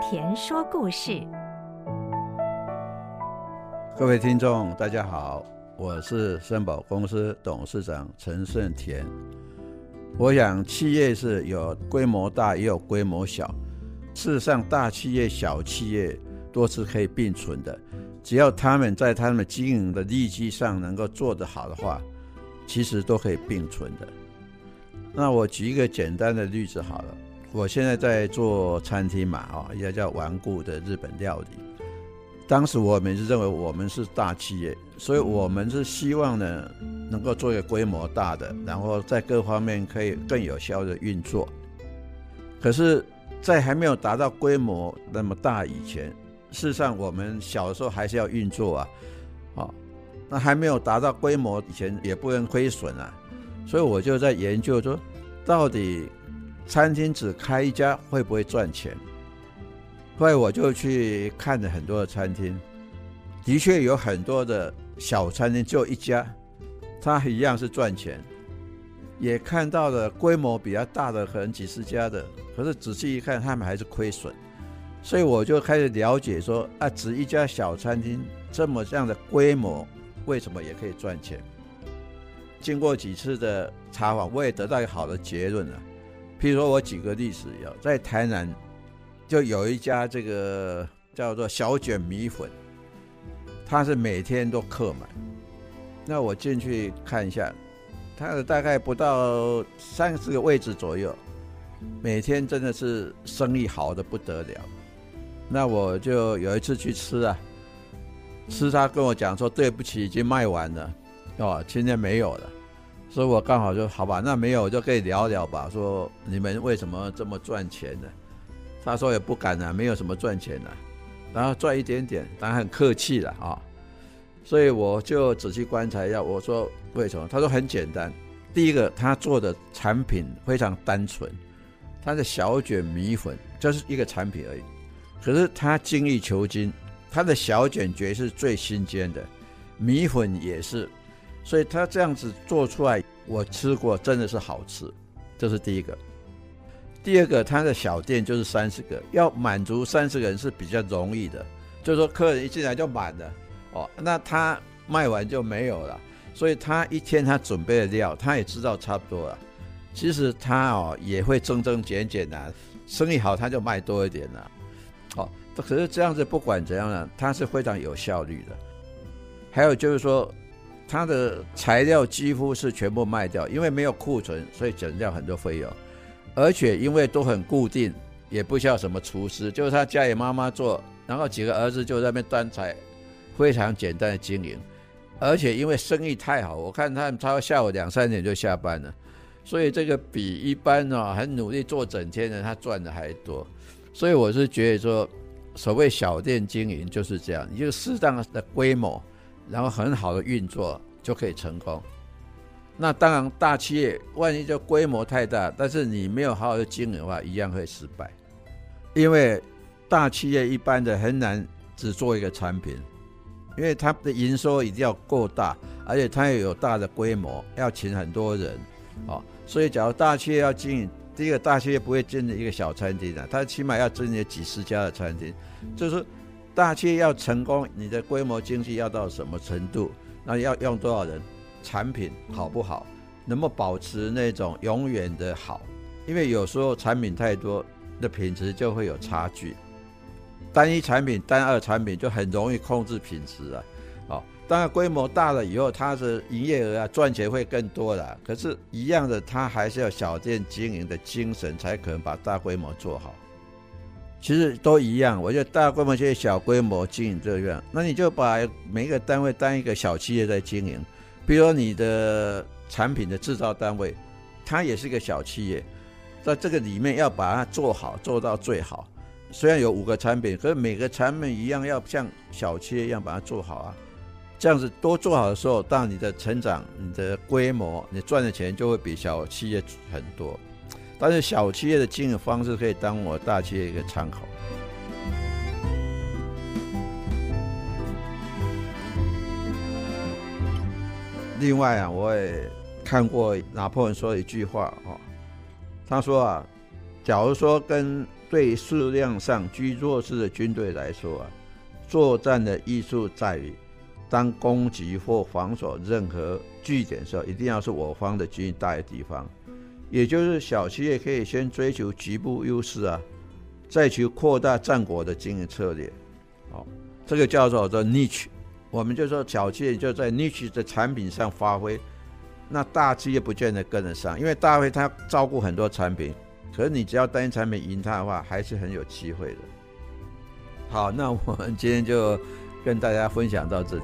田說故事，各位聽眾，大家好，我是森寶公司董事長陳勝田。我想，企業是有規模大也有規模小，事實上，大企業、小企業都是可以並存的，只要他們在他們經營的利基上能夠做得好的話，其實都可以並存的。那我舉一個簡單的例子好了。我現在在做餐廳嘛，哦，一家叫頑固的日本料理。當時我們是認為我們是大企業，所以我們是希望呢，能夠做一個規模大的，然後在各方面可以更有效的運作。可是，在還沒有達到規模那麼大以前，事實上我們小的時候還是要運作啊，好、哦，那還沒有達到規模以前也不能虧損啊，所以我就在研究說，到底。餐廳只開一家會不會賺錢？所以我就去看了很多的餐廳，的確有很多的小餐廳就一家，它一樣是賺錢。也看到了規模比較大的，可能幾十家的，可是仔細一看，他們還是虧損。所以我就開始了解說啊，只一家小餐廳這麼這樣的規模，為什麼也可以賺錢？經過幾次的查訪，我也得到一個好的結論了。譬如說我幾，我舉個例子，有在台南，就有一家這個叫做小卷米粉，它，是每天都客滿。那我進去看一下，它的大概不到三四個位置左右，每天真的是生意好的不得了。那我就有一次去吃啊，吃他跟我講說：“對不起，已經賣完了，哦，今天沒有了。”所以我剛好就好吧，那沒有我就可以聊聊吧。說，你們為什麼這麼賺錢呢、啊？他說也不敢啊，沒有什麼賺錢的、啊，然後賺一點點，當然很客氣了啊、哦。所以我就仔細觀察一下，我說，為什麼？他說很簡單，第一個他做的產品非常單純，他的小卷米粉就是一個產品而已。可是他精益求精，他的小卷卷是最新鮮的，米粉也是。所以他這樣子做出來，我吃過，真的是好吃。這是第一個。第二個，他的小店就是三十個，要滿足三十個人是比較容易的。就是說，客人一進來就滿了，哦，那他賣完就沒有了。所以他一天他準備的料，他也知道差不多了。其實他哦也會增增減減的，生意好他就賣多一點了，哦。可是這樣子不管怎樣呢，他是非常有效率的。還有就是說。他的材料幾乎是全部賣掉，因為沒有庫存，所以減掉很多費用，而且因為都很固定，也不需要什麼廚師，就是他家裡媽媽做，然後幾個兒子就在那邊端菜，非常簡單的經營，而且因為生意太好，我看他他下午兩三點就下班了，所以這個比一般哦很努力做整天的他賺的還多，所以我是覺得說，所謂小店經營就是這樣，你就個適當的規模。然後很好的運作就可以成功。那當然，大企業萬一就規模太大，但是你沒有好好的經營的話，一樣會失敗。因為大企業一般的很難只做一個產品，因為它的營收一定要夠大，而且它要有大的規模，要請很多人啊。所以，假如大企業要經營，第一個大企業不會經營一個小餐廳啊，它起碼要經營幾十家的餐廳，就是。大企業要成功，你的規模經濟要到什麼程度？那要用多少人？產品好不好？能不能保持那種永遠的好？因為有時候產品太多，那品質就會有差距。單一產品、單二產品就很容易控制品質啊。哦，當然規模大了以後，它的營業額啊，賺錢會更多了。可是，一樣的，它還是要小店經營的精神，才可能把大規模做好。其實都一樣，我覺得大規模就是小規模經營這個樣。那你就把每個單位當一個小企業在經營，比如你的產品的製造單位，它也是一個小企業，在這個裡面要把它做好，做到最好。雖然有五個產品，可是每個產品一樣要像小企業一樣把它做好啊。這樣子多做好的時候，當你的成長、你的規模、你賺的錢就會比小企業很多。但是小企業的經營方式可以當我大企業一個參考。另外啊，我也看過拿破崙說一句話啊、哦，他說啊，假如說跟對數量上居弱勢的軍隊來說啊，作戰的藝術在於，當攻擊或防守任何據點的時候，一定要是我方的軍力大於敵方。也就是小企業可以先追求局部優勢啊，再去擴大戰果的經營策略，好、哦，這個叫做在 niche，我們就說小企業就在 niche 的產品上發揮，那大企業不見得跟得上，因為大企業他它照顧很多產品，可是你只要單一產品贏它的話，還是很有機會的。好，那我們今天就跟大家分享到這裡。